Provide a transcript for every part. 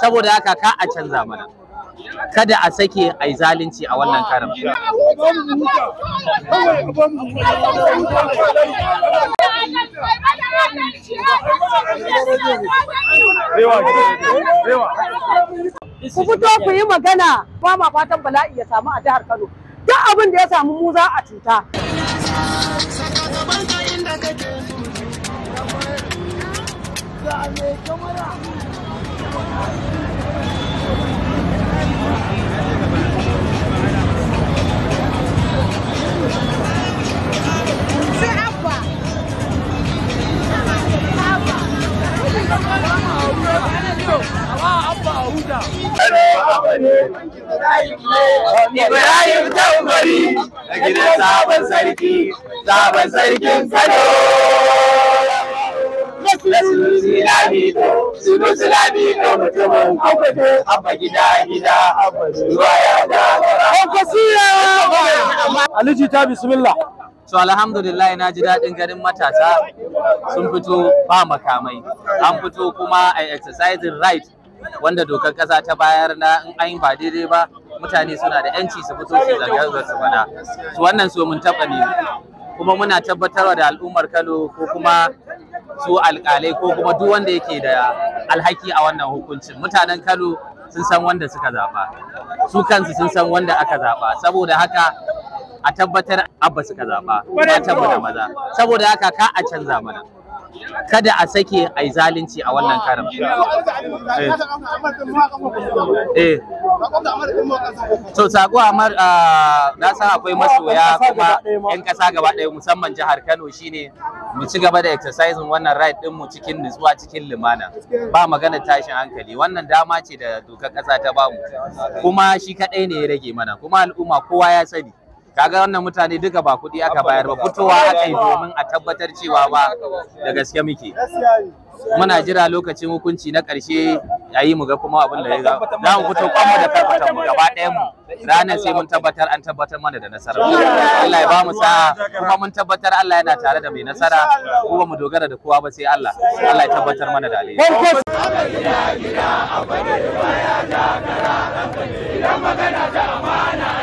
saboda haka ka a canza mana kada a sake a yi zalunci a wannan karin ku fito ku yi magana ba ma fatan bala'i ya samu a jihar kano duk abin da ya samu mu za a cuta Ibrahim Tambari a gidan sabon sarki, sabon sarkin Kano. Nasu Lami sinu silami alhamdulillah na ji daɗin ganin matasa sun fito ba makamai an fito kuma a exercising right wanda dokar ƙasa ta bayar na in an ba daidai ba mutane suna da yanci su fito su zanga su fada su wannan so mun taɓa ne kuma muna tabbatarwa da al'ummar kano ko kuma su alƙalai ko kuma duk wanda yake da alhaki a wannan hukuncin mutanen Kano sun san wanda suka zaba su kansu sun san wanda aka zaba saboda haka a tabbatar abba suka zaba matan mu da maza saboda haka ka a canza mana kada a sake a zalunci a wannan karin. So eh. eh. sako Amar ah, na san akwai masoya kuma 'yan ƙasa gaba ɗaya musamman jihar Kano shine mu ci gaba da exercising wannan right din mu cikin nutsuwa cikin lumana ba magana tashin hankali wannan dama ce da dokar ƙasa ta bamu kuma shi kaɗai ne ya rage mana kuma al'umma kowa ya sani kaga wannan mutane duka ba kuɗi aka bayar ba fitowa aka yi domin a tabbatar cewa ba da gaske muke muna jira lokacin hukunci na ƙarshe a yi mu ga kuma abin da ya ga za mu fito kwanmu da karfatan mu gaba ɗayan mu ranar sai mun tabbatar an tabbatar mana da nasara Allah ya ba mu sa'a kuma mun tabbatar Allah yana tare da mai nasara kuma mu dogara da kowa ba sai Allah Allah ya tabbatar mana da alheri gida gida a magana ta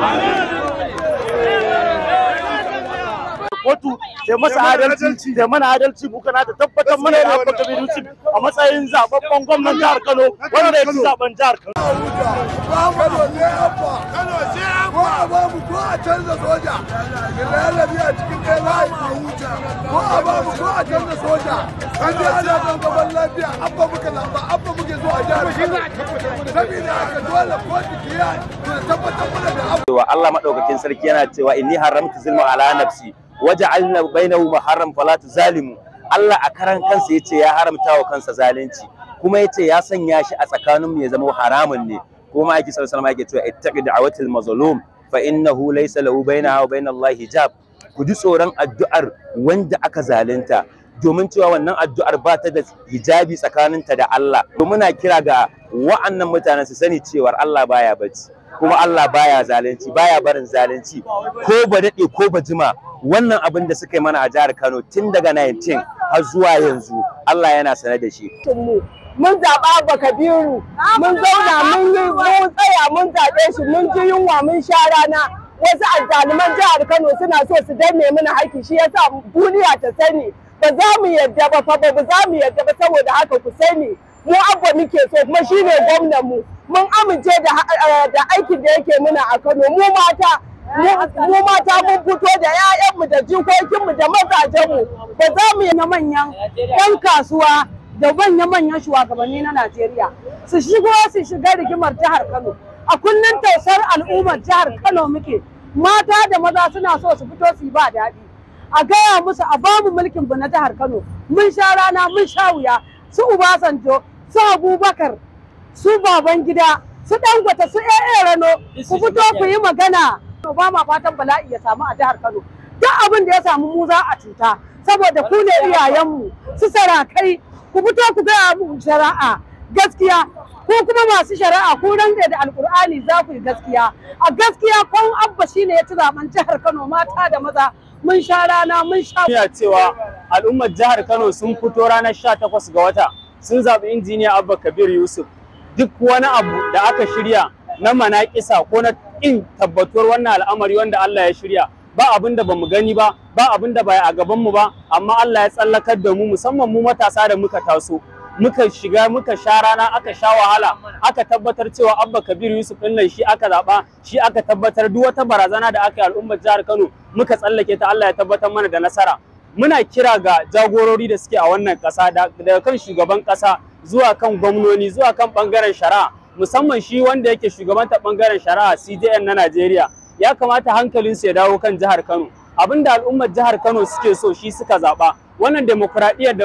Amen. kotu da masa adalci da mana adalci mu kana da tabbatar mana da abba kabir a matsayin zababben gwamnan jihar kano wanda ya ci zaben jihar kano kano sai abba kano sai abba ko a ba mu ko a canza soja lalabi a cikin kai layi a huta ko a ba mu ko a canza soja kan ji ana kan gaban lafiya abba muka lamba abba muke so a jihar kano saboda haka dole ko jiki ya tabbatar mana da abba Allah madaukakin sarki yana cewa inni haramtu zulma ala nafsi waja'alna bainahu muharram fala zalimu Allah a karan kansa yace ya haramta wa kansa zalunci kuma yace ya sanya shi a tsakanin mu ya zama haramun ne kuma ake sallallahu alaihi wasallam yake cewa ittaqi da'watil mazlum fa innahu laysa lahu bainaha wa bainallahi hijab ku ji tsoron addu'ar wanda aka zalunta domin cewa wannan addu'ar ba ta da hijabi tsakaninta da Allah to muna kira ga wa'annan mutanen su sani cewa Allah baya bacci kuma Allah baya zalunci baya barin zalunci ko ba dade ko ba jima wannan abin da suka yi mana a jihar Kano tun daga 19 har zuwa yanzu Allah yana sane da shi. Mun zaɓa ba Kabiru, mun zauna mun yi mun tsaya mun zaɓe shi mun ji yunwa mun sha rana. Wasu azzaliman jihar Kano suna so su danne mana haƙƙi shi yasa duniya ta sani. Ba za mu yarda ba fa ba za mu yadda ba saboda haka ku sani. Mu abba muke so kuma shine gwamnan mu. Mun amince eh, da aikin da yake muna a Kano mu mata mu mata mun fito da 'ya'yanmu da jikokinmu da mazajenmu ba za mu yi na manyan 'yan kasuwa da manya-manyan shugabanni na Najeriya su shigo su shiga rigimar jihar Kano a kunnen tausar al'ummar jihar Kano muke mata da maza suna so su fito su yi ba daɗi a gaya musu a bamu mulkin bu na jihar Kano mun sha rana mun sha wuya su Ubasanjo su Abubakar su Babangida su Dangote su AA Rano ku fito ku yi magana to ba ma fatan bala'i ya samu a jihar Kano duk abin da ya samu mu za a cuta saboda ku ne iyayenmu su sarakai ku fito ku gaya mu shari'a gaskiya ko kuma masu shari'a ku rantse da alkur'ani za ku yi gaskiya a gaskiya kwan abba shine ya ci zaben jihar Kano mata da maza mun sha rana mun sha ya cewa al'ummar jihar Kano sun fito ranar 18 ga wata sun zaɓi injiniya Abba Kabir Yusuf duk wani abu da aka shirya na manaƙisa ko na ƙin tabbatuwar wannan al'amari wanda Allah ya shirya ba abin da bamu gani ba ba abin da bai a gaban mu ba amma Allah ya tsallakar da mu musamman mu matasa da muka taso muka shiga muka sha rana aka sha wahala aka tabbatar cewa abba kabir yusuf din nan shi aka zaba shi aka tabbatar duk wata barazana da aka yi al'ummar jihar kano muka tsallake ta allah ya tabbatar mana da nasara muna kira ga jagorori da suke a wannan kasa daga kan shugaban kasa zuwa kan gwamnoni zuwa kan bangaren shari'a musamman shi wanda yake shugabanta bangaren shari'a CJN na Najeriya ya kamata hankalinsu ya dawo kan jihar Kano abinda al'ummar jihar Kano suke so shi suka zaba wannan demokradiyyar